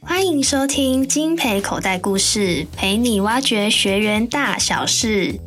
歡迎收聽《菁培口袋故事》，陪你挖掘學員大小事。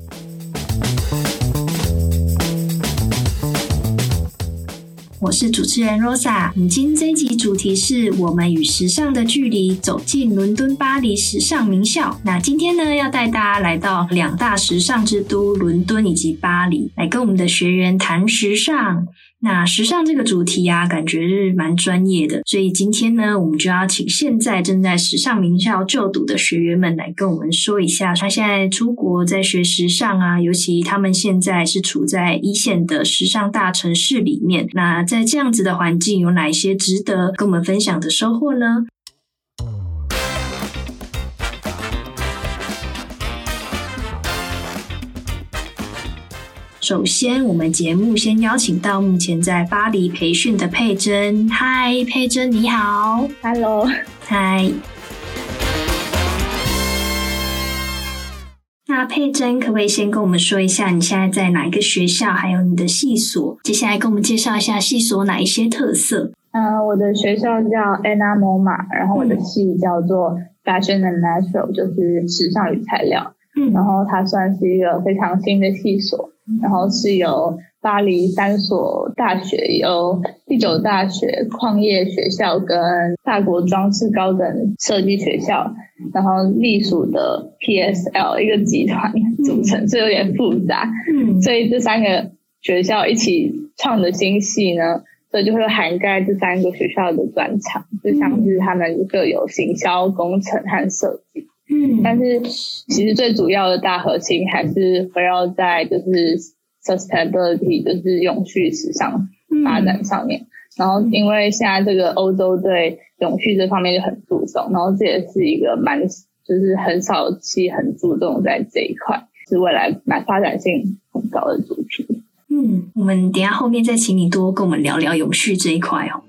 我是主持人 Rosa。今天這一集主題是我們與時尚的距離，走進倫敦、巴黎時尚名校。那今天呢，要帶大家來到兩大時尚之都——倫敦以及巴黎，來跟我們的學員談時尚。那時尚這個主題啊，感覺是蠻專業的，所以今天呢，我們就要請現在正在時尚名校就讀的學員們來跟我們說一下，他現在出國在學時尚啊，尤其他們現在是處在一線的時尚大城市裡面，那在這樣子的環境，有哪一些值得跟我們分享的收穫呢？首先，我們節目先邀請到目前在巴黎培訓的佩珍。嗨，佩珍你好。Hello，嗨 Hi。那佩珍可不可以先跟我們說一下，你現在在哪一個學校，還有你的系所？接下來跟我們介紹一下系所哪一些特色。呃，我的學校叫 Anna Moma，然後我的系叫做 Fashion and n a t u r a l 就是時尚與材料。嗯，然後它算是一個非常新的系所。然後是由巴黎三所大學，由第九大學礦業學校跟大國裝飾高等設計學校，然後隸屬的 PSL 一個集團組成，嗯、所以有點複雜。嗯、所以這三個學校一起創的新系呢，所以就會涵蓋這三個學校的專長，就像是他們各有行銷、工程和設計。嗯，但是其實最主要的大核心還是圍繞在就是 sustainability，就是永續時尚發展上面。嗯、然後因為現在這個歐洲對永續這方面就很注重，然後這也是一個蠻就是很少期很注重在這一塊，是未來蠻發展性很高的主題。嗯，我們等一下後面再請你多跟我們聊聊永續這一塊哦。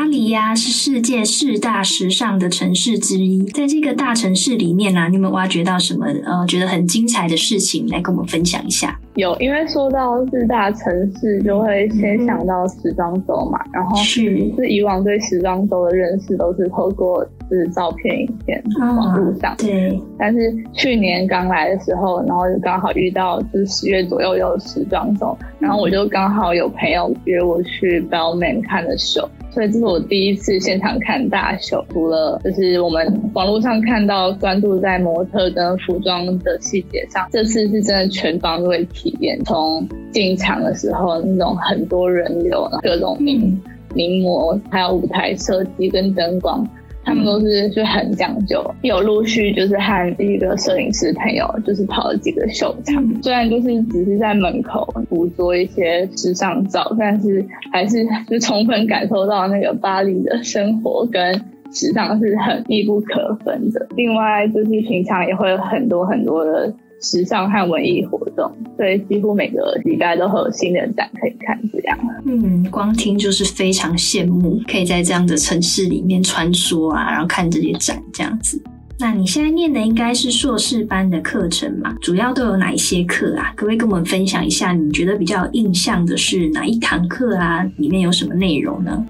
巴黎呀，是世界四大時尚的城市之一。在這個大城市裡面呢、啊，你有沒有挖掘到什麼呃覺得很精彩的事情來跟我們分享一下？有，因為說到四大城市，就會先想到時裝週嘛。嗯、哼然後是以往對時裝週的認識都是透過就是照片、影片網路、網絡上對。但是去年剛來的時候，然後就剛好遇到就是十月左右有時裝週，嗯、哼然後我就剛好有朋友約我去 Balmain 看的秀。所以這是我第一次現場看大秀，除了就是我們網絡上看到專注在模特跟服裝的細節上，這次是真的全方位體驗，從進場的時候那種很多人流，各種名、嗯、名模，還有舞台設計跟燈光。他們都是就很講究，有陸續就是和一個攝影師朋友，就是跑了幾個秀場。雖然就是只是在門口捕捉一些時尚照，但是還是就充分感受到那個巴黎的生活跟時尚是很密不可分的。另外就是平常也會有很多很多的。時尚和文藝活動，對，幾乎每個禮拜都會有新的展可以看，這樣。嗯，光聽就是非常羨慕，可以在這樣的城市裡面穿梭啊，然後看這些展這樣子。那你現在念的應該是碩士班的課程嘛？主要都有哪一些課啊？可不可以跟我們分享一下？你覺得比較有印象的是哪一堂課啊？裡面有什麼內容呢？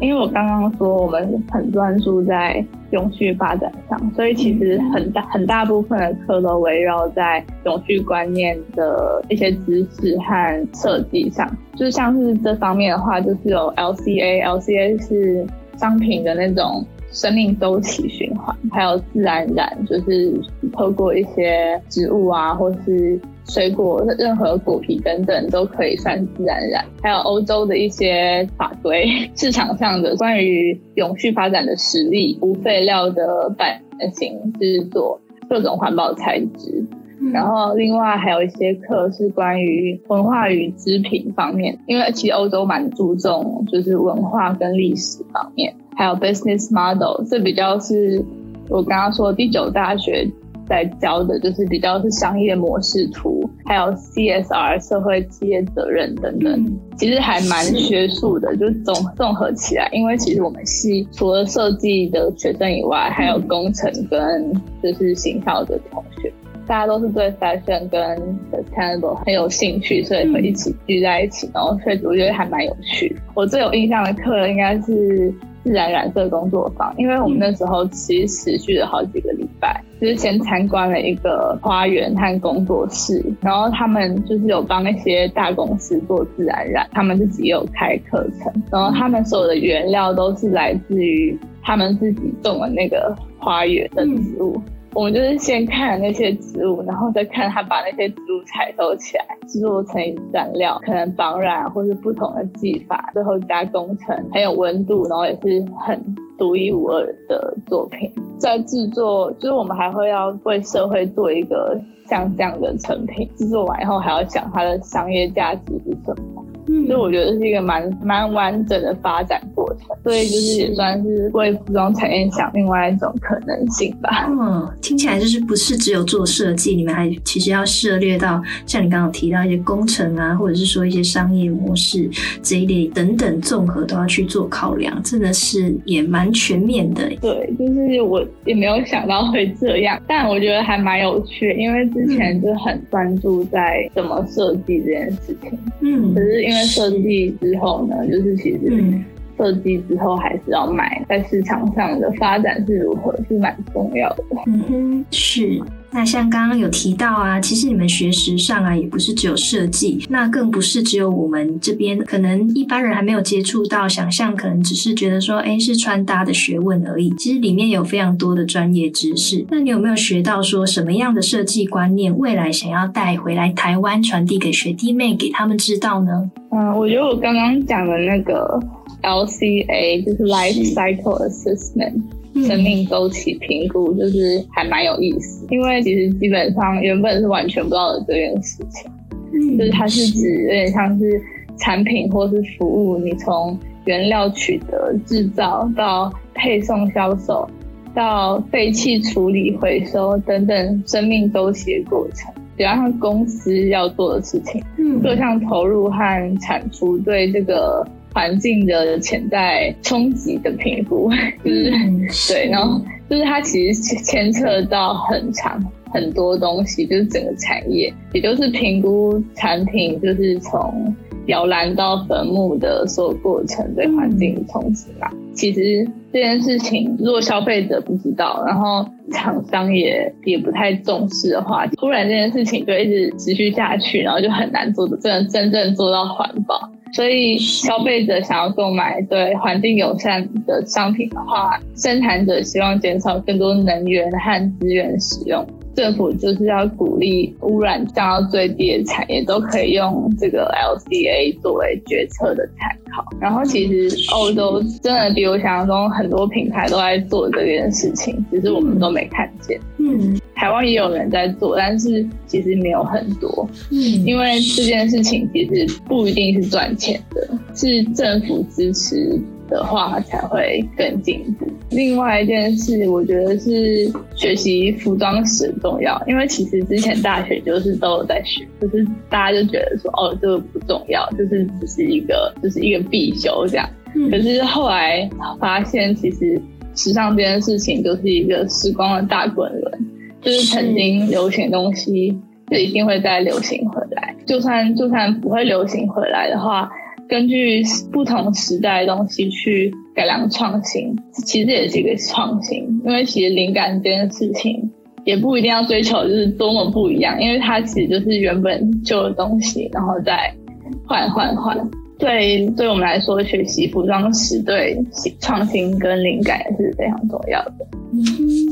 因為我剛剛說我們很專注在永續發展上，所以其實很大很大部分的課都圍繞在永續觀念的一些知識和設計上。就像是這方面的話，就是有 LCA，LCA 是商品的那種生命週期循環，還有自然染，就是透過一些植物啊，或是。水果、任何果皮等等都可以算自然染。還有歐洲的一些法規，市場上的關於永續發展的實力，無廢料的版型制作，就是、各種環保材質。嗯、然後另外還有一些課是關於文化與織品方面，因為其實歐洲蠻注重就是文化跟歷史方面，還有 business model，這比較是我剛剛說的第九大學。在教的就是比較是商業模式圖，還有 CSR 社會企業責任等等，其實還蠻學術的，是就是總，綜合起來。因為其實我們系除了設計的學生以外，還有工程跟就是行銷的同學，大家都是對 fashion 跟 sustainable 很有興趣，所以會一起聚在一起，嗯、然後所以我覺得還蠻有趣。我最有印象的課應該是。自然染色工作坊，因為我們那時候其實持續了好幾個禮拜，就是先參觀了一個花園和工作室，然後他們就是有幫那些大公司做自然染，他們自己也有開課程，然後他們所有的原料都是來自於他們自己種的那個花園的植物。嗯我們就是先看那些植物，然後再看他把那些植物採收起來，製作成染料，可能綁染或是不同的技法，最後加工成很有溫度，然後也是很獨一無二的作品。在製作，就是我們還會要為社會做一個像這樣的成品，製作完以後還要想它的商業價值是什麼。所以，嗯，我覺得是一個蠻蠻完整的發展過程，所以就是也算是為服裝產業想另外一種可能性吧。嗯，聽起來就是不是只有做設計，你們還其實要涉獵到像你剛剛提到一些工程啊，或者是說一些商業模式這一類等等，綜合都要去做考量，真的是也蠻全面的。對，就是我也沒有想到會這樣，但我覺得還蠻有趣，因為之前就很專注在怎麼設計這件事情，嗯，可是因為。在設計之後呢，就是其實。嗯設計之後還是要賣，在市場上的發展是如何是蠻重要的。嗯哼，是。那像剛剛有提到啊，其實你們學時尚啊，也不是只有設計，那更不是只有我們這邊可能一般人還沒有接觸到，想象可能只是覺得說，誒，是穿搭的學問而已。其實裡面有非常多的專業知識。那你有沒有學到說什麼樣的設計觀念，未來想要帶回來台灣，傳遞給學弟妹，給他們知道呢？嗯，我覺得我剛剛講的那個。LCA 就是 Life Cycle Assessment，嗯、生命週期評估，就是還蠻有意思。嗯、因為其實基本上原本是完全不知道的這件事情，嗯、就是它是指有點像是產品或是服務，你從原料取得、製造到配送、銷售到廢棄處理、回收等等生命週期的過程，比方像公司要做的事情，嗯、各項投入和產出對這個。環境的潛在衝擊的評估，就是對，然後就是它其實牽牽扯到很長很多東西，就是整個產業，也就是評估產品就是從搖籃到墳墓的所有過程對環境的衝擊吧。嗯、其實這件事情，如果消費者不知道，然後廠商也也不太重視的話，突然這件事情就一直持續下去，然後就很難做到真的真正做到環保。所以，消費者想要購買對環境友善的商品的話，生產者希望減少更多能源和資源使用。政府就是要鼓勵汙染降到最低的產業都可以用這個 LCA 作為決策的參考。然後其實歐洲真的比我想象中很多品牌都在做這件事情，只是我們都沒看見。嗯，台灣也有人在做，但是其實沒有很多。嗯，因為這件事情其實不一定是賺錢的，是政府支持的話才會更進步。另外一件事，我覺得是學習服裝史重要，因為其實之前大學就是都有在學，就是大家就覺得說，哦，這個不重要，就是只是一個，就是一個必修這樣。嗯、可是後來發現，其實時尚這件事情就是一個時光的大滾輪，就是曾經流行東西，就一定會再流行回來。就算就算不會流行回來的話。根據不同時代的東西去改良創新，其實也是一個創新。因為其實靈感這件事情，也不一定要追求就是多麼不一樣，因為它其實就是原本舊的東西，然後再換換換。對，對我們來說，學習服裝時對創新跟靈感也是非常重要的。嗯，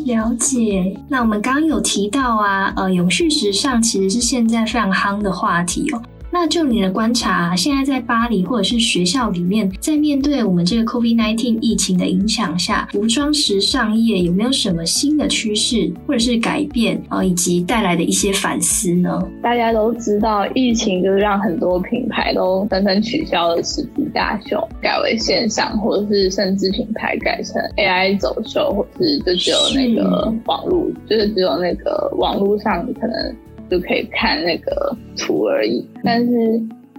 了解。那我們剛有提到啊，呃，永續時尚其實是現在非常夯的話題哦。那就你的觀察，現在在巴黎或者是學校裡面，在面對我們這個 COVID-19 疫情的影響下，服裝時尚業有沒有什麼新的趨勢或者是改變啊，以及帶來的一些反思呢？大家都知道，疫情就是讓很多品牌都紛紛取消了實體大秀，改為線上，或者是甚至品牌改成 AI 走秀，或者是就只有那個網絡，是就是只有那個網絡上可能。就可以看那個圖而已，但是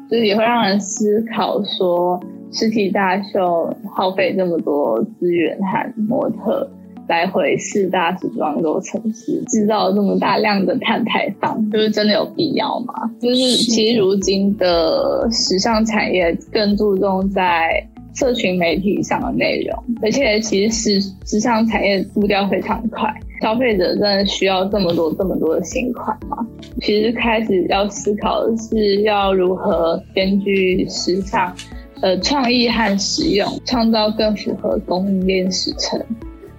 就是也會讓人思考說，實體大秀耗費這麼多資源和模特來回四大時裝週城市，製造這麼大量的碳排放，就是真的有必要嗎？就是其實如今的時尚產業更注重在社群媒體上的內容，而且其實時時尚產業步調非常快。消費者真的需要這麼多、這麼多的新款嗎？其實開始要思考的是，要如何根據時尚、呃創意和實用，創造更符合供應鏈時程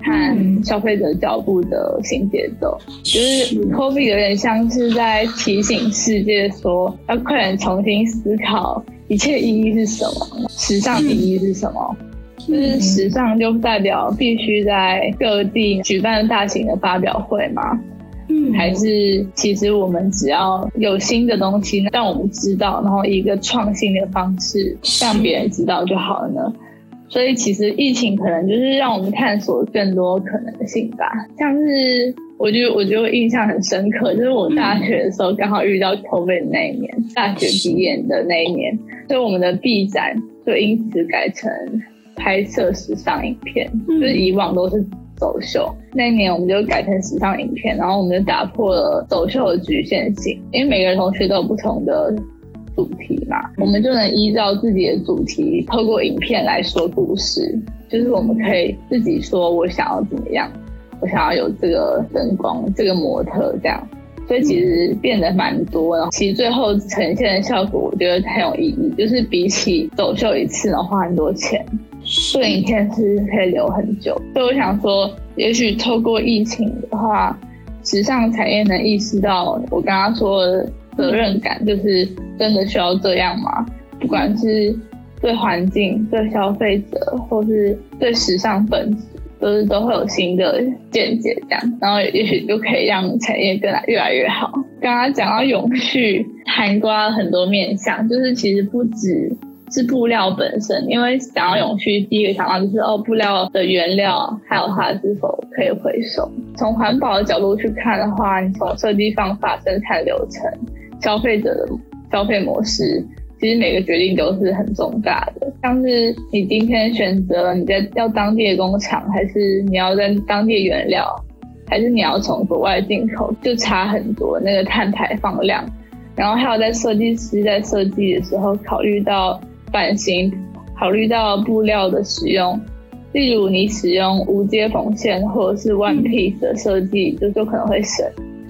和消費者腳步的新節奏。嗯、就是 Covid 有點像是在提醒世界說，說要快點重新思考一切意義是什麼，時尚意義是什麼。嗯。就是時尚就代表必須在各地舉辦大型的發表會嗎？嗯，還是其實我們只要有新的東西讓我們知道，然後一個創新的方式讓別人知道就好了呢？是所以其實疫情可能就是讓我們探索更多可能性吧。像是我覺得我覺得印象很深刻，就是我大學的時候剛好遇到 COVID 那一年，大學畢業的那一年，所以我們的畢展就因此改成。拍攝時尚影片，就是以往都是走秀。那一年我們就改成時尚影片，然後我們就打破了走秀的侷限性，因為每個同學都有不同的主題嘛，我們就能依照自己的主題，透過影片來說故事。就是我們可以自己說我想要怎麼樣，我想要有這個燈光、這個模特這樣，所以其實變得蠻多。然後其實最後呈現的效果，我覺得很有意義。就是比起走秀一次，能花很多錢。攝是影片是可以留很久，所以我想說，也許透過疫情的話，時尚產業能意識到我剛剛說的責任感，就是真的需要這樣嗎？不管是對環境、對消費者，或是對時尚本質都是，都會有新的見解，這樣，然後也許就可以讓產業更來越來越好。剛剛講到永續，涵蓋很多面向，就是其實不止。是布料本身，因為想要永續，第一個想到就是哦，布料的原料還有它是否可以回收。從環保的角度去看的話，你從設計方法、生產流程、消費者的消費模式，其實每個決定都是很重大的。像是你今天選擇了你在要當地的工廠，還是你要在當地原料，還是你要從國外進口，就差很多那個碳排放量。然後還有在設計師在設計的時候考慮到。版型，考慮到布料的使用，例如你使用無接縫線或者是 one piece 的設計，嗯、就就可能會省。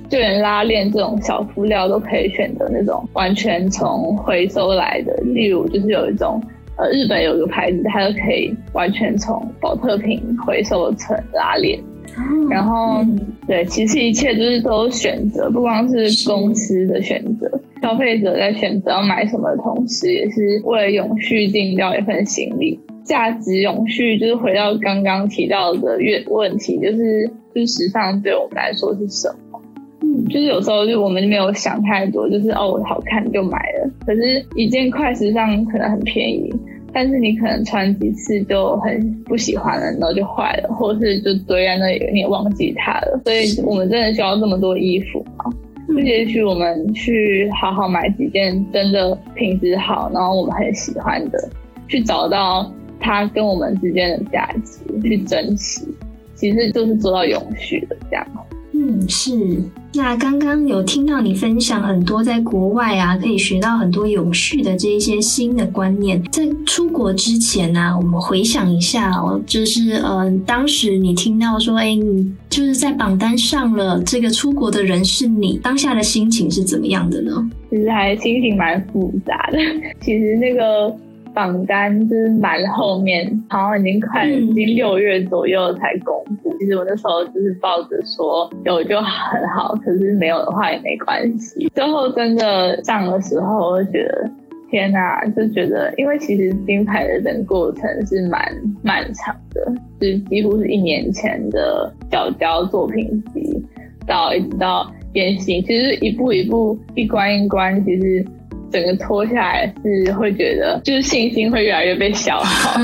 就連拉鏈這種小輔料都可以選擇那種完全從回收來的，例如就是有一種呃日本有一個牌子，它就可以完全從保特瓶回收成拉鏈。哦、然後對，其實一切就是都選擇，不光是公司的選擇。消費者在選擇要買什麼的同時，也是為了永續盡掉一份心力。價值永續就是回到剛剛提到的越問題，就是就是時尚對我們來說是什麼？嗯，就是有時候就我們就沒有想太多，就是哦我好看就買了。可是，一件快時尚可能很便宜，但是你可能穿幾次就很不喜歡了，然後就壞了，或是就堆在那裡你也忘記它了。所以我們真的需要這麼多衣服嗎？就也許我們去好好買幾件真的品質好，然後我們很喜歡的，去找到它跟我們之間的價值，去珍惜，其實就是做到永續的這樣。嗯，是。那剛剛有聽到你分享很多在國外啊，可以學到很多永續的這一些新的觀念。在出國之前呢、啊，我們回想一下，哦，就是呃，當時你聽到說，哎，你就是在榜單上了，這個出國的人是你，當下的心情是怎麼樣的呢？其實還心情蠻複雜的，其實那個。榜單就是蠻後面，好像已經快，已經六月左右才公布。嗯、其實我那時候就是抱着說有就很好，可是沒有的話也沒關係。最後真的上的時候，我就覺得天哪、啊，就覺得，因為其實菁培的整個過程是蠻漫長的，就是幾乎是一年前的繳交作品集，到一直到變形，其實一步一步一關一關，其實。整個拖下來是會覺得，就是信心會越來越被消耗，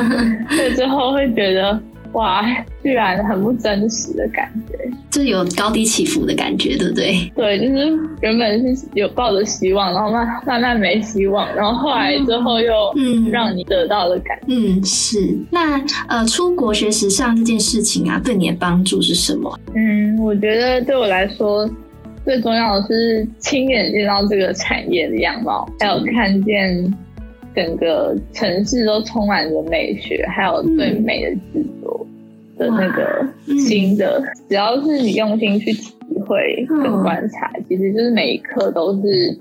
對 之後會覺得，哇，居然很不真實的感覺，就有高低起伏的感覺，對不對？對，就是原本是有抱着希望，然後慢慢慢沒希望，然後後來之後又嗯，讓你得到了感覺嗯，嗯，是。那呃，出國學時尚這件事情啊，對你的幫助是什麼？嗯，我覺得對我來說，最重要的是親眼見到這個產業的樣貌，還有看見整個城市都充滿着美學，還有對美的執著的那個心得。嗯、只要是你用心去體會跟觀察，哦、其實就是每一刻都是，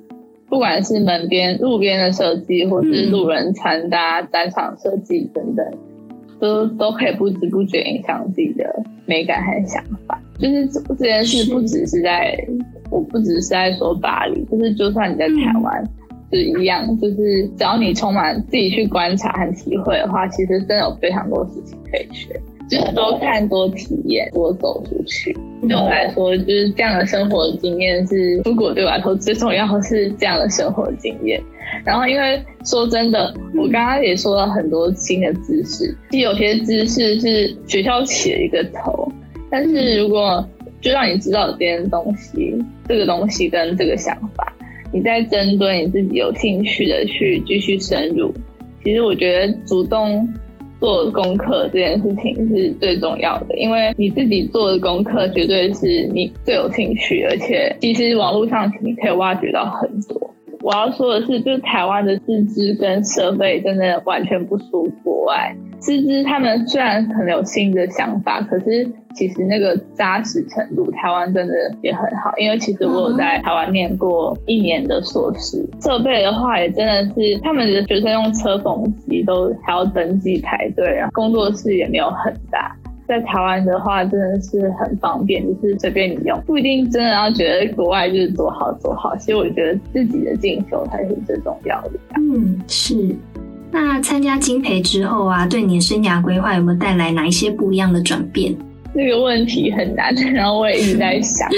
不管是門邊、路邊的設計，或是路人穿搭、單場設計等等，都都可以不知不覺影響自己的美感和想法。就是這件事不只是在，是我不只是在說巴黎，就是就算你在台灣是、嗯、一樣，就是只要你充滿自己去觀察和體會的話，其實真的有非常多事情可以學，就是多看多體驗多走出去。對、嗯、我來說，就是這樣的生活的經驗是，如果對吧？投最重要是這樣的生活的經驗。然後因為說真的，我剛剛也說了很多新的知識，其實有些知識是學校起了一個頭。但是如果就讓你知道這些東西，這個東西跟這個想法，你在針對你自己有興趣的去繼續深入，其實我覺得主動做功課這件事情是最重要的，因為你自己做的功課絕對是你最有興趣，而且其實網絡上你可以挖掘到很多。我要說的是，就是台灣的師資跟設備真的完全不輸國外，師資他們雖然很有新的想法，可是。其實那個扎實程度，台灣真的也很好，因為其實我有在台灣念過一年的碩士。設備的話，也真的是他們的學生用車縫機都還要登記排隊，然後工作室也沒有很大。在台灣的話，真的是很方便，就是隨便你用，不一定真的要覺得國外就是多好多好。其實我覺得自己的進修才是最重要的。嗯，是。那參加菁培之後啊，對你的生涯規劃有沒有帶來哪一些不一樣的轉變？這個問題很難，然後我也一直在想，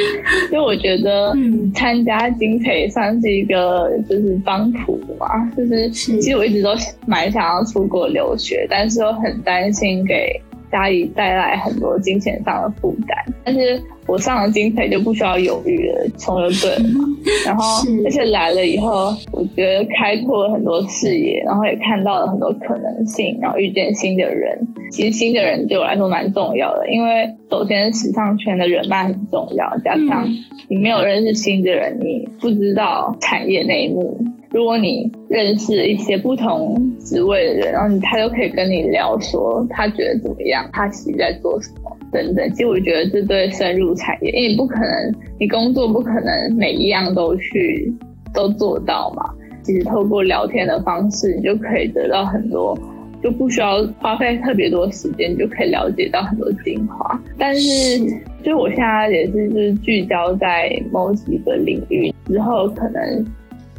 因為 我覺得參加菁培算是一個就是幫浦嘛，就是其實我一直都蠻想要出國留學，但是又很擔心給家裡帶來很多金錢上的負擔，但是。我上了菁培，就不需要猶豫了，衝就對了嘛。 然後，是而且來了以後，我覺得開闊了很多視野，然後也看到了很多可能性，然後遇見新的人。其實新的人對我來說蠻重要的，因為首先是時尚圈的人脈很重要，加上你沒有認識新的人，你不知道產業內幕。如果你認識一些不同職位的人，然後他就可以跟你聊，說他覺得怎麼樣，他其實在做什麼。等等，其實我覺得這對深入產業，因為你不可能，你工作不可能每一樣都去都做到嘛。其實透過聊天的方式，你就可以得到很多，就不需要花費特別多時間，你就可以了解到很多精華。但是，是就我現在也是，就是聚焦在某幾個領域之後，可能。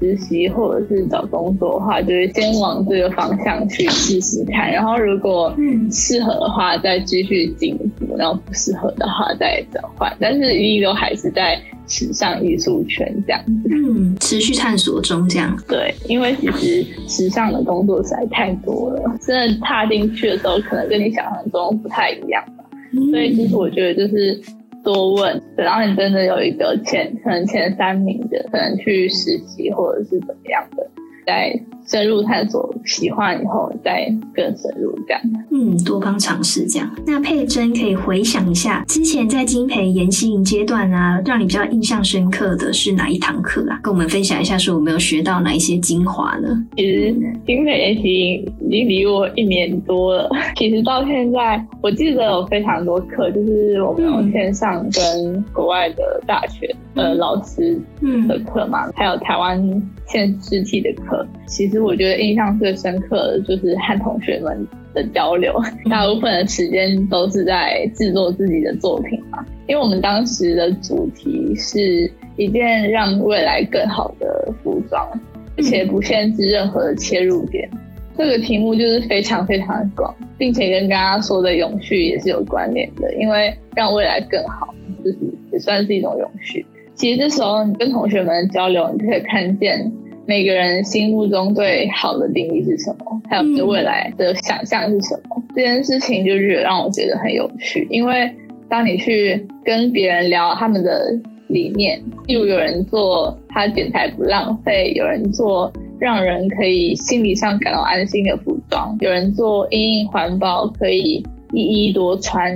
實習或者是找工作的話，就是先往這個方向去試試看，然後如果適合的話，嗯，再繼續進步；然後不適合的話再轉換。但是一直都還是在時尚藝術圈這樣子，嗯，持續探索中這樣。對，因為其實時尚的工作實在太多了，真的踏進去的時候，可能跟你想象中不太一樣吧。嗯，所以其實我覺得就是。多問，然後你真的有一個前，可能前三名的，可能去實習或者是怎麼樣的。在深入探索、喜歡以後，再更深入這樣。嗯，多方嘗試這樣。那珮溱可以回想一下，之前在菁培研習營階段啊，讓你比較印象深刻的是哪一堂課啊？跟我們分享一下，說我們有學到哪一些精華呢？其實菁培研習營已經離我一年多了。其實到現在，我記得有非常多課，就是我們有線上跟國外的大學、嗯、呃老師的課嘛，還有台灣現實體的課。其實我覺得印象最深刻的就是和同學們的交流，大部分的時間都是在制作自己的作品嘛。因為我們當時的主題是一件讓未來更好的服裝，而且不限制任何的切入點。這個題目就是非常非常的廣，並且跟剛剛說的永續也是有關聯的，因為讓未來更好，就是也算是一種永續。其實這時候你跟同學們的交流，你就可以看見。每個人心目中對好的定義是什麼？還有對未來的想象是什麼？這件事情就是讓我覺得很有趣，因為當你去跟別人聊他們的理念，例如有人做他剪裁不浪費，有人做讓人可以心理上感到安心的服裝，有人做因應環保可以一衣多穿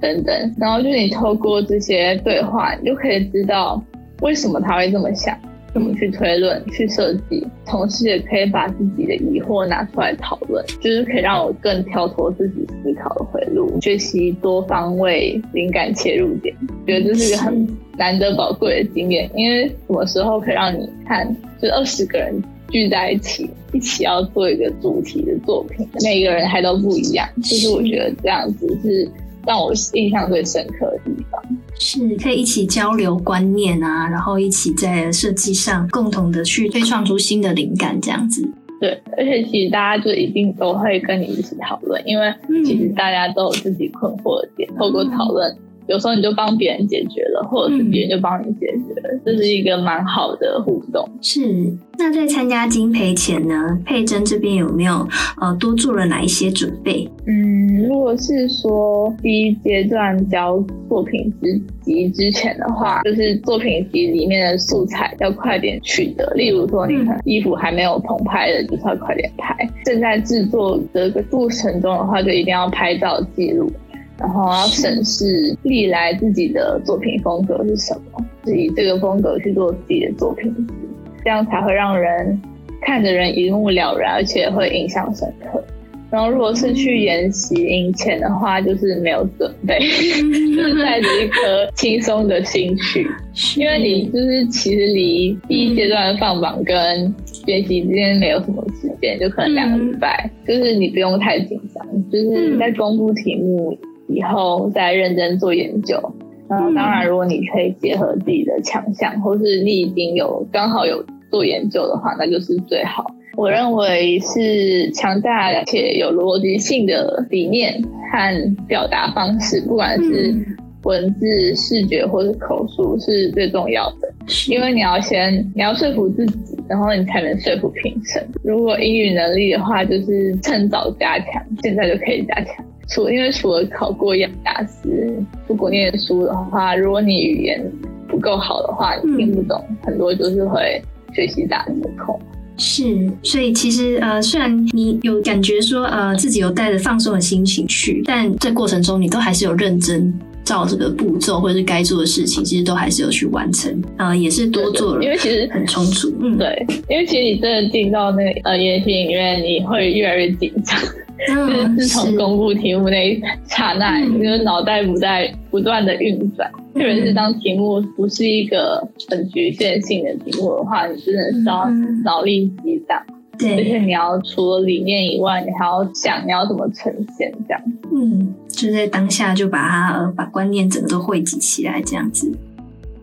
等等，然後就是你透過這些對話，你就可以知道為什麼他會這麼想。怎麼、嗯、去推論、去設計，同時也可以把自己的疑惑拿出來討論，就是可以讓我更跳脫自己思考的迴路，學習多方位靈感切入點，覺得這是一個很難得寶貴的經驗。因為什麼時候可以讓你看，就二十個人聚在一起，一起要做一個主題的作品，每一個人還都不一樣，就是我覺得這樣子是讓我印象最深刻的。是，可以一起交流觀念啊，然後一起在設計上共同的去推創出新的靈感這樣子。對，而且其實大家就一定都會跟你一起討論，因為其實大家都有自己困惑的點，嗯、透過討論，有時候你就幫別人解決了，或者是別人就幫你解決。嗯這是一個蠻好的互動。是，那在參加菁培前呢，珮溱這邊有沒有呃多做了哪一些準備？嗯，如果是說第一階段交作品集之，之前的話，嗯、就是作品集裡面的素材要快點取得。例如說，你看衣服還沒有棚拍的，就是要快點拍；正在製作的過程中的話，就一定要拍照記錄。然後要審視歷來自己的作品風格是什麼，就是、以這個風格去做自己的作品，這樣才會讓人看的人一目了然，而且會印象深刻。然後如果是去研習營前的話，就是沒有準備，嗯、 就是帶着一顆輕鬆的心去，嗯、因為你就是其實離第一階段的放榜跟學習之間沒有什麼時間，就可能兩個禮拜，嗯、就是你不用太緊張，就是你在公布題目。以後再認真做研究。嗯，當然，如果你可以結合自己的強項，或是你已經有剛好有做研究的話，那就是最好。我認為是強大且有邏輯性的理念和表達方式，不管是文字、視覺或是口述，是最重要的。因為你要先你要說服自己，然後你才能說服評審。如果英語能力的話，就是趁早加強，現在就可以加強。除因為除了考過雅思，出國念書的話，如果你語言不夠好的話，你聽不懂、嗯、很多，就是會學習打折扣。是，所以其實呃，雖然你有感覺說呃自己有帶着放鬆的心情去，但這過程中你都還是有認真照這個步驟，或者是該做的事情，其實都還是有去完成呃也是多做了，因為其實很充足。對嗯，對，因為其實你真的進到那個、呃演戲裡面，你會越來越緊張。嗯、是自從公布題目那一剎那，你、嗯、的、嗯、腦袋不在不斷的運轉，特別是當題目不是一個很局限性的題目的話，嗯、你真的是要腦力激盪，對而且你要除了理念以外，你還要想你要怎麼呈現這樣。嗯，就在當下就把它把觀念整個都匯集起來這樣子。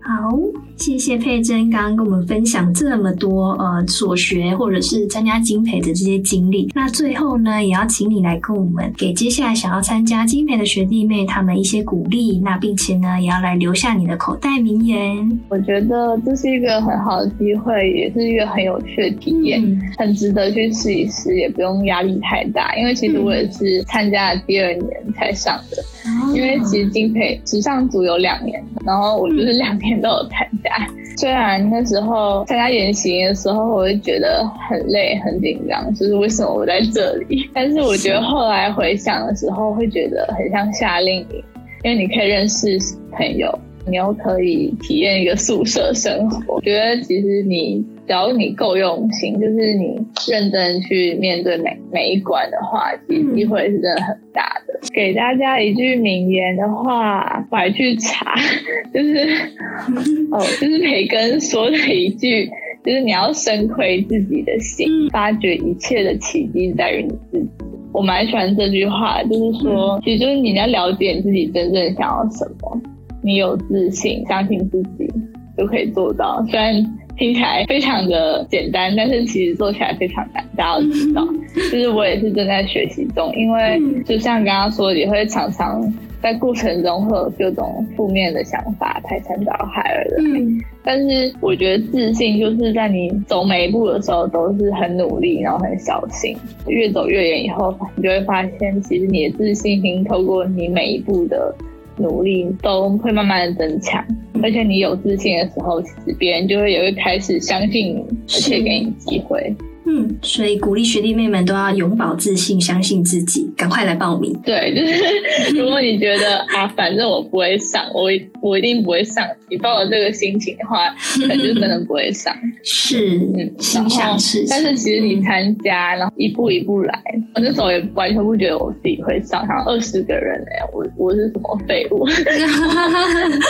好，謝謝珮溱剛剛跟我們分享這麼多呃所學或者是參加菁培的這些經歷。那最後呢，也要請你來跟我們，給接下來想要參加菁培的學弟妹他們一些鼓勵。那並且呢，也要來留下你的口袋名言。我覺得這是一個很好的機會，也是一個很有趣的體驗，嗯、很值得去試一試，也不用壓力太大。因為其實我也是參加了第二年才上的，嗯、因為其實菁培時尚組有兩年，然後我就是兩年，都有參加，雖然那時候參加研習的時候，我會覺得很累、很緊張，就是為什麼我在這裡。但是我覺得後來回想的時候，嗎會覺得很像夏令營，因為你可以認識朋友，你又可以體驗一個宿舍生活。我覺得其實你。只要你夠用心，就是你認真去面對每每一關的話題，機會是真的很大的。嗯、給大家一句名言的話，我還去查，就是、嗯、哦，就是培根說的一句，就是你要深窺自己的心，嗯、發覺一切的奇跡在於你自己。我蠻喜歡這句話，就是說，嗯、其實就是你要了解你自己真正想要什麼，你有自信，相信自己就可以做到。雖然。聽起來非常的簡單，但是其實做起來非常難，大家要知道。嗯、就是我也是正在學習中，因為就像剛剛說，也會常常在過程中會有各種負面的想法，排山倒海的。嗯、但是我覺得自信就是在你走每一步的時候都是很努力，然後很小心。越走越遠以後，你就會發現，其實你的自信心透過你每一步的努力，都會慢慢的增強。而且你有自信的時候，其實別人就會也會開始相信你，是而且給你機會。嗯，所以鼓勵學弟妹們都要永葆自信，相信自己，趕快來報名。對，就是 如果你覺得啊，反正我不會上，我我一定不會上，你抱有這個心情的話， 可能就真的不會上。是，嗯。是後心想事成，但是其實你參加，然後一步一步來。嗯、我那時候也完全不覺得我自己會上，好像二十個人哎、欸，我我是什麼廢物。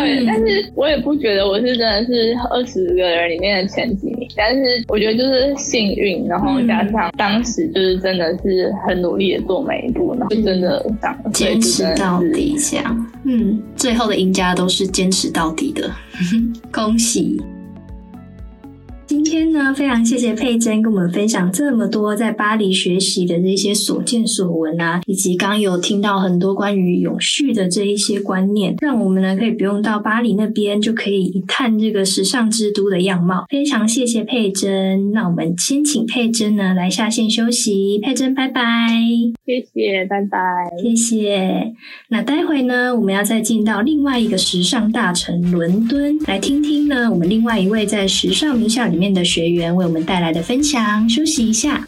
對，但是我也不覺得我是真的是二十個人裡面的前幾名，但是我覺得就是幸運，然後加上當時就是真的是很努力的做每一步，然後就真的想堅持到底，這樣，嗯，最後的贏家都是堅持到底的，呵呵，恭喜。今天呢，非常謝謝珮溱跟我們分享這麼多在巴黎學習的這些所見所聞啊，以及剛有聽到很多關於永續的這一些觀念，讓我們呢可以不用到巴黎那邊就可以一探這個時尚之都的樣貌。非常謝謝珮溱，那我們先請珮溱呢來下線休息，珮溱拜拜，bye bye 謝謝，拜拜，謝謝。那待會呢，我們要再進到另外一個時尚大城倫敦，來聽聽呢我們另外一位在時尚名校。裡面的學員為我們帶來的分享，休息一下。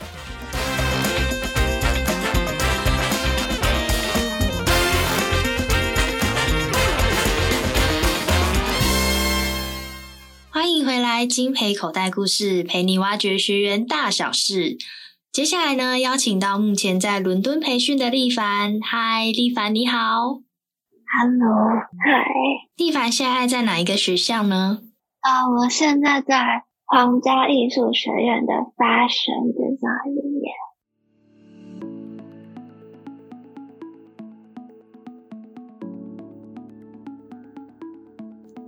歡迎回來，《菁培口袋故事》陪你挖掘學員大小事。接下來呢，邀請到目前在倫敦培訓的立凡。嗨，立凡你好。Hello，嗨，立凡現在在哪一個學校呢？啊，oh, 我現在在。皇家藝術學院的 Fashion Design 裡，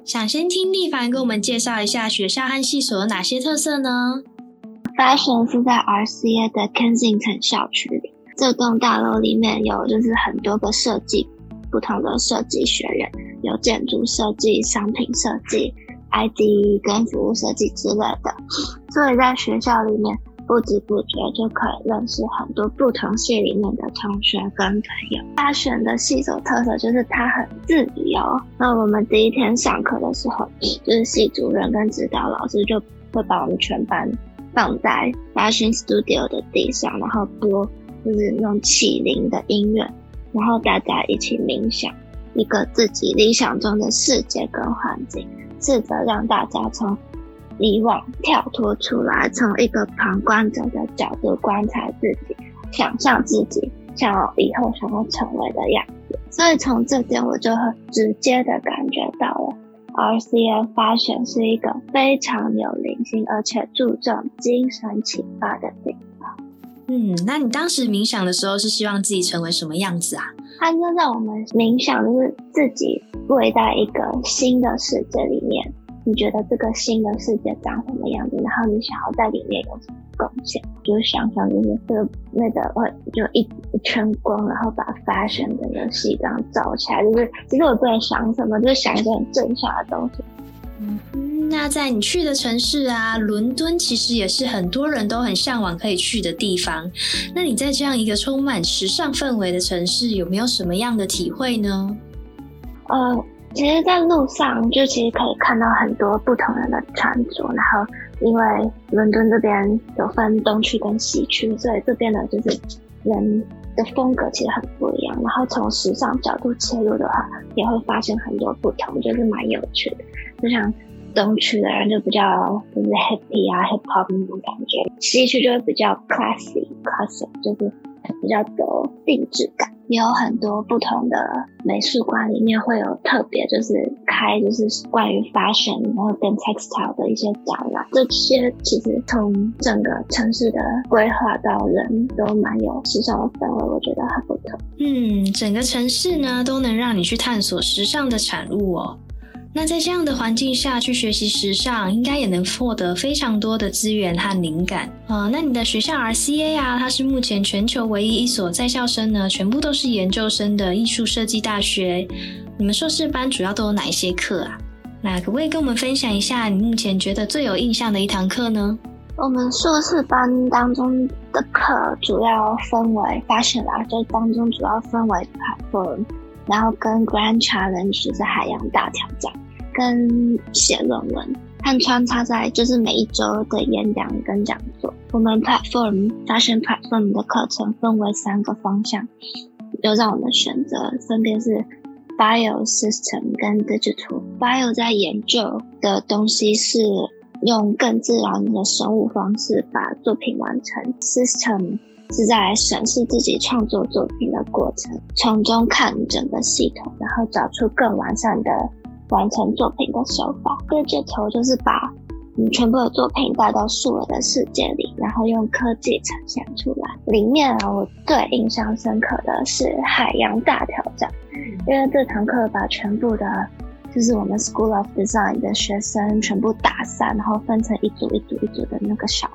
想先聽立凡給我們介紹一下學校和系所有哪些特色呢？Fashion 是在 RCA 的 Kensington 校區裡，這棟大樓裡面有就是很多個設計，不同的設計學院，有建築設計、商品設計。ID 跟服務設計之類的，所以在學校裡面不知不覺就可以認識很多不同系裡面的同學跟朋友。他選的系所特色就是他很自由。那我們第一天上課的時候，就是系主任跟指導老師就會把我們全班放在 Fashion Studio 的地上，然後播就是那種起靈的音樂，然後大家一起冥想一個自己理想中的世界跟環境。試着讓大家從以往跳脫出來，從一個旁觀者的角度觀察自己，想象自己想要以後想要成為的樣子。所以從這點，我就很直接的感覺到了 RCA Fashion 是一個非常有靈性而且注重精神啟發的地方。嗯，那你當時冥想的時候，是希望自己成為什麼樣子啊？它就讓我們冥想，就是自己跪在一個新的世界裡面。你覺得這個新的世界長什麼樣子？然後你想要在裡面有什麼貢獻？就是想想，就是這個那個會就一一圈光，然後把發生的遊戲這樣照起來。就是其實我都在想什麼，就是想一些很正向的東西。嗯，那在你去的城市啊，倫敦其實也是很多人都很向往可以去的地方。那你在這樣一個充滿時尚氛圍的城市，有沒有什麼樣的體會呢？呃，其實在路上就其實可以看到很多不同人的穿着，然後因為倫敦這邊有分東區跟西區，所以這邊呢就是人的風格其實很不一樣。然後從時尚角度切入的話，也會發現很多不同，就是蠻有趣的。就像東區的人就比較就是 happy 啊 hip hop 那種感覺，西區就會比較 classy，classy 就是比較有定制感。也有很多不同的美術館裡面會有特別就是開就是關於 fashion 然後跟 textile 的一些展覽。這些其實從整個城市的規劃到人都蠻有時尚的氛圍，我覺得很不同。嗯，整個城市呢都能讓你去探索時尚的產物哦。那在這樣的環境下去學習時尚，應該也能獲得非常多的資源和靈感啊。呃，那你的學校 RCA 啊，它是目前全球唯一一所在校生呢，全部都是研究生的藝術設計大學。你們碩士班主要都有哪一些課啊？那可不可以跟我們分享一下你目前覺得最有印象的一堂課呢？我們碩士班當中的課主要分為，現啦，在當中主要分為，呃。然後跟 Grand Challenge 在海洋大挑戰，跟寫論文，和穿插在就是每一周的演講跟講座。我們 Platform 發現 Platform 的課程分為三個方向，就讓我們選擇，分別是 Bio System 跟 Digital。Bio 在研究的東西是用更自然的生物方式把作品完成，System。是在審視自己創作作品的過程，從中看整個系統，然後找出更完善的完成作品的手法。第二鏡頭就是把你全部的作品帶到數位的世界裡，然後用科技呈現出來。裡面啊，我最印象深刻的是海洋大挑戰，因為這堂課把全部的就是我們 School of Design 的學生全部打散，然後分成一組一組一組的那個小。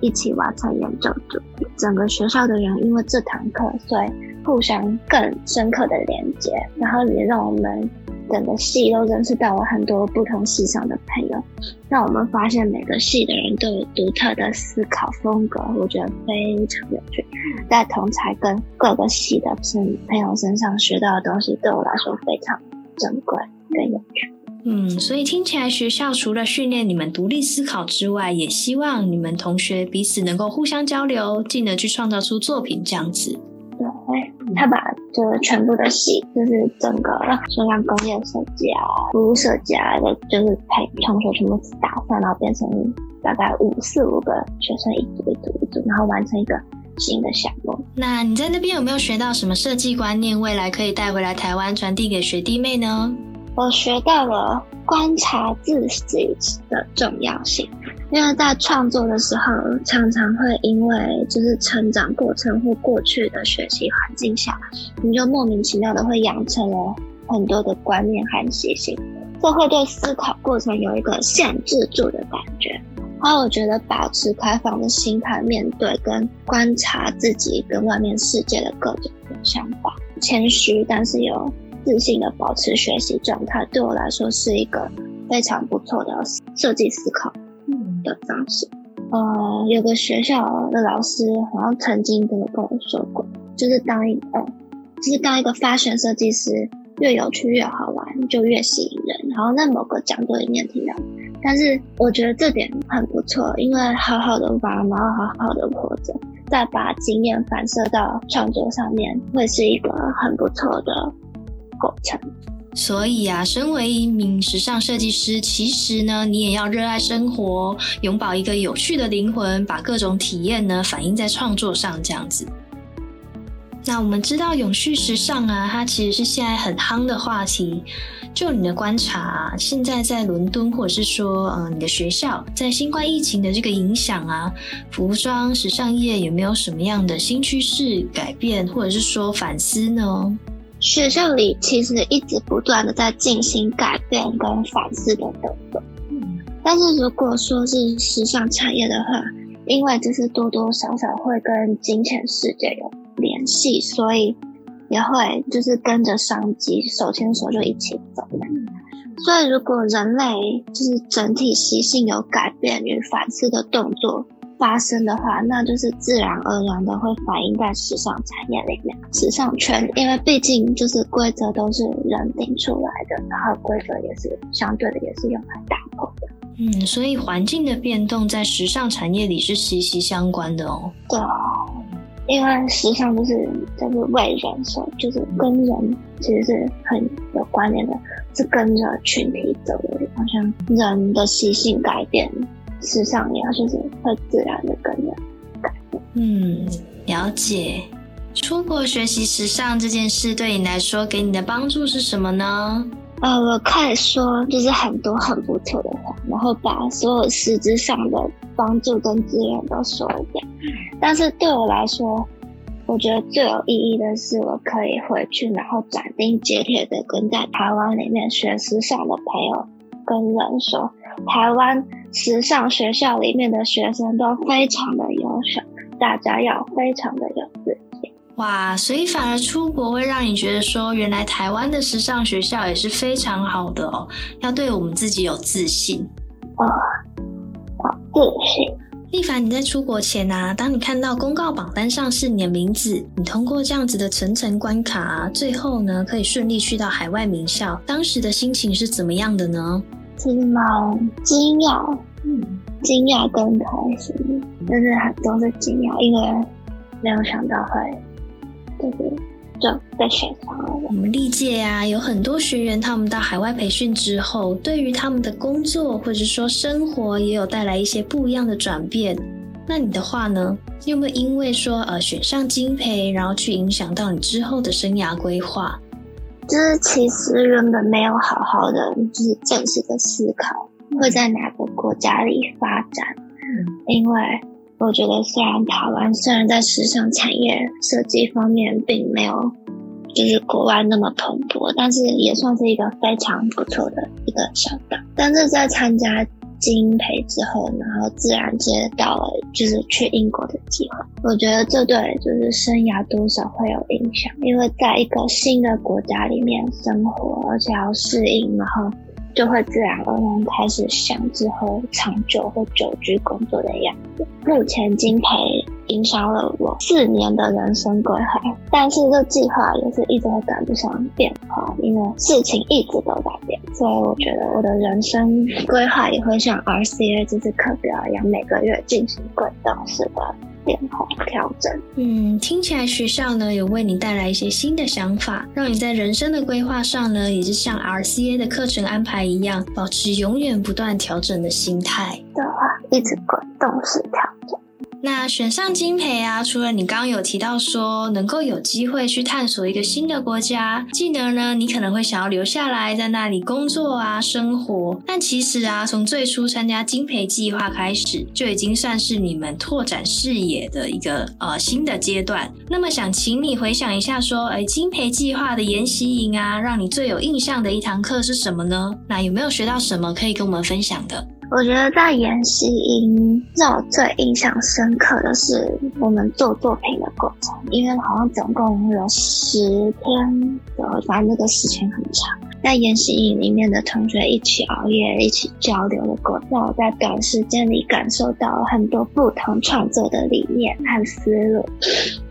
一起完成研究的，整個學校的人因為這堂課，所以互相更深刻的連接，然後也讓我們整個系都認識到了很多不同系上的朋友。讓我們發現每個系的人都有獨特的思考風格，我覺得非常有趣。在同才跟各個系的朋朋友身上學到的東西，對我來說非常珍貴，跟有趣。嗯，所以聽起來學校除了訓練你們獨立思考之外，也希望你們同學彼此能夠互相交流，進而去創造出作品這樣子。對，他把這全部的系，就是整個像工業設計啊、服務設計啊的，就是配同學全部打散，然後變成大概五、四五個學生一組一組一組，然後完成一個新的項目。那你在那邊有沒有學到什麼設計觀念，未來可以帶回來台灣，傳遞給學弟妹呢？我學到了觀察自己的重要性，因為在創作的時候，常常會因為就是成長過程或過去的學習環境下，你就莫名其妙的會養成了很多的觀念和習性，這會對思考過程有一個限制住的感覺。還有，我覺得保持開放的心態，面對跟觀察自己跟外面世界的各種的想法，謙虛但是有，自信的保持學習狀態，對我來說是一個非常不錯的設計思考的方式。呃、嗯，有個學校的老師好像曾經跟我說過，就是當一個、嗯、就是當一個 fashion 設計師，越有趣越好玩，就越吸引人。然後在某個講座裡面聽到，但是我覺得這點很不錯，因為好好的玩，然後好好的活着，再把經驗反射到創作上面，會是一個很不錯的。所以啊，身為一名時尚設計師，其實呢，你也要熱愛生活，擁抱一個有趣的靈魂，把各種體驗呢反映在創作上，這樣子。那我們知道，永續時尚啊，它其實是現在很夯的話題。就你的觀察，啊，現在在倫敦，或者是說，嗯、呃，你的學校，在新冠疫情的這個影響啊，服裝時尚業有沒有什麼樣的新趨勢改變，或者是說反思呢？學校裡其實一直不斷的在進行改變跟反思的動作。但是如果說是時尚產業的話，因為就是多多少少會跟金錢世界有聯繫，所以也會就是跟着商機手牽手就一起走。所以如果人類就是整體習性有改變與反思的動作。發生的話，那就是自然而然的會反映在時尚產業裡面，時尚圈，因為畢竟就是規則都是人定出來的，然後規則也是相對的，也是用來打破的。嗯，所以環境的變動在時尚產業裡是息息相關的哦。對哦，因為時尚就是就是為人所，就是跟人其實是很有關聯的，是跟着群體走的。好像人的習性改變。時尚也要，就是會自然的跟着改變。嗯，了解。出國學習時尚這件事對你來說，給你的幫助是什麼呢？呃，我可以說，就是很多很不錯的話，然後把所有實質上的幫助跟資源都說一遍。但是對我來說，我覺得最有意義的是，我可以回去，然後斬釘截鐵的跟在台灣裡面學時尚的朋友。跟人說，臺灣時尚學校裡面的學生都非常的優秀，大家要非常的有自信。哇，所以反而出國會讓你覺得說，原來臺灣的時尚學校也是非常好的哦。要對我們自己有自信。啊、哦，自信。立凡，你在出國前啊，當你看到公告榜單上是你的名字，你通過這樣子的層層關卡，啊，最後呢，可以順利去到海外名校，當時的心情是怎麼樣的呢？就是蠻驚訝，嗯，驚訝跟開心，就是很多的驚訝，因為沒有想到會，對不對就在選上我們歷屆呀、啊，有很多學員，他們到海外培訓之後，對於他們的工作或者說生活，也有帶來一些不一樣的轉變。那你的話呢？有沒有因為說呃選上菁培，然後去影響到你之後的生涯規劃？就是其實原本沒有好好的就是正式的思考會在哪個國家裡發展，嗯、因為。我覺得雖然台灣，雖然在時尚產業設計方面並沒有就是國外那麼蓬勃，但是也算是一個非常不錯的一個小島。但是在參加菁培之後，然後自然接到了就是去英國的機會。我覺得這對就是生涯多少會有影響，因為在一個新的國家裡面生活，而且要適應，然後。就會自然而然開始想之後長久或久居工作的樣子。目前菁培影響了我四年的人生規劃，但是這計劃也是一直會趕不上變化，因為事情一直都在變。所以我覺得我的人生規劃也會像 RCA 這次課表一樣，每個月進行滾動式的。調整。嗯，聽起來學校呢，有為你帶來一些新的想法，讓你在人生的規劃上呢，也是像 RCA 的課程安排一樣，保持永遠不斷調整的心態。對啊，一直滾動式調整。那選上金培啊，除了你剛剛有提到說能夠有機會去探索一個新的國家，進而呢，你可能會想要留下來在那裡工作啊、生活。但其實啊，從最初參加金培計劃開始，就已經算是你們拓展視野的一個呃新的階段。那麼想請你回想一下說，說、呃、誒，金培計劃的研習營啊，讓你最有印象的一堂課是什麼呢？那有沒有學到什麼可以跟我們分享的？我覺得在研習營讓我最印象深刻的是我們做作品的過程，因為好像總共有十天左右，呃，反正那個時間很長。在研習營裡面的同學一起熬夜、一起交流的過程，讓我在短時間裡感受到了很多不同創作的理念和思路，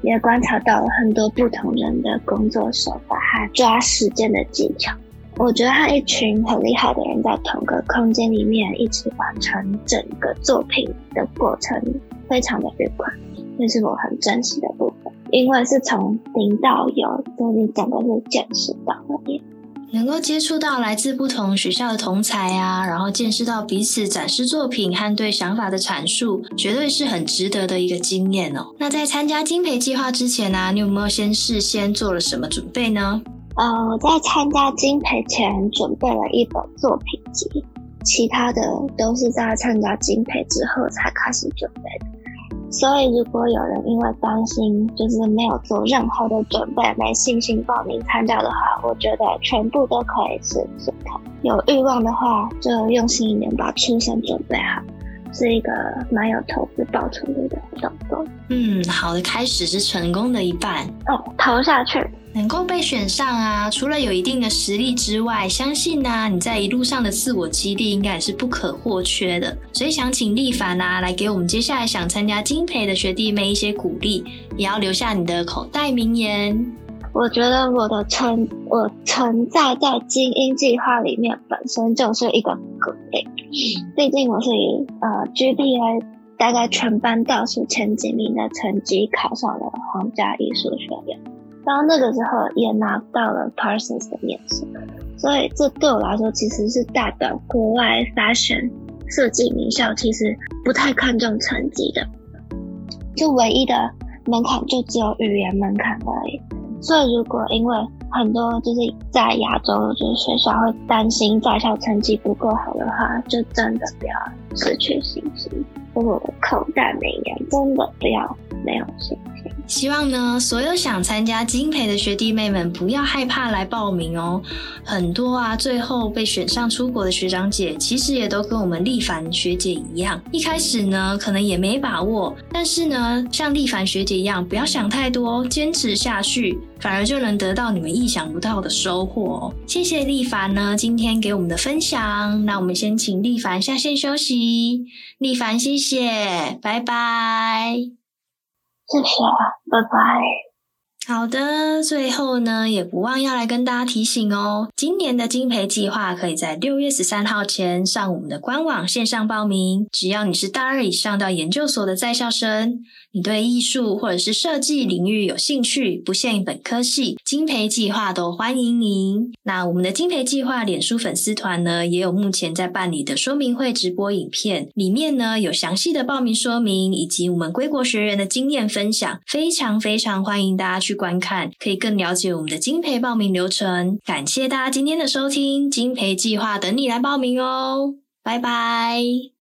也觀察到了很多不同人的工作手法和抓時間的技巧。我覺得和一群很厲害的人在同個空間裡面一起完成整個作品的過程，非常的愉快，這、就是我很珍惜的部分。因為是從零到有，就你整個是見識到了耶，能夠接觸到來自不同學校的同才啊，然後見識到彼此展示作品和對想法的闡述，絕對是很值得的一個經驗哦、喔。那在參加菁培計畫之前呢、啊，你有沒有先事先做了什麼準備呢？呃，我在參加菁培前準備了一本作品集，其他的都是在參加菁培之後才開始準備。所以，如果有人因為擔心就是沒有做任何的準備，沒信心報名參加的話，我覺得全部都可以試試看。有欲望的話，就用心一點，把出身準備好，是一個蠻有投資報酬率的動作。嗯，好的開始是成功的一半。哦，投下去。能夠被選上啊，除了有一定的實力之外，相信呢、啊，你在一路上的自我激勵應該也是不可或缺的。所以想請立凡啊來給我們接下來想參加菁培的學弟妹一些鼓勵，也要留下你的口袋名言。我覺得我的存我存在在精英計劃裡面本身就是一個鼓勵，畢竟我是以呃 GPA 大概全班倒數前幾名的成績考上了皇家藝術學院。到那個時候也拿到了 Parsons 的面試，所以這對我來說其實是代表國外發 a 設計名校其實不太看重成績的，就唯一的門檻就只有語言門檻而已。所以如果因為很多就是在亞洲就是學校會擔心在校成績不夠好的話，就真的不要失去信心，我的口袋美顏，真的不要沒有信希望呢，所有想參加菁培的學弟妹們不要害怕來報名哦。很多啊，最後被選上出國的學長姐，其實也都跟我們立凡學姐一樣，一開始呢可能也沒把握，但是呢，像立凡學姐一樣，不要想太多，堅持下去，反而就能得到你們意想不到的收穫哦。謝謝立凡呢，今天給我們的分享。那我們先請立凡下線休息。立凡，謝謝，拜拜。謝謝，拜拜。好的，最後呢，也不忘要來跟大家提醒哦，今年的金培計劃可以在六月十三號前上我們的官網線上報名，只要你是大二以上到研究所的在校生，你對藝術或者是設計領域有興趣，不限於本科系，菁培計劃都歡迎您。那我們的菁培計劃臉書粉絲團呢，也有目前在辦理的說明會直播影片，裡面呢有詳細的報名說明，以及我們歸國學員的經驗分享，非常非常歡迎大家去觀看，可以更了解我們的菁培報名流程。感謝大家今天的收聽，菁培計劃等你來報名哦，拜拜。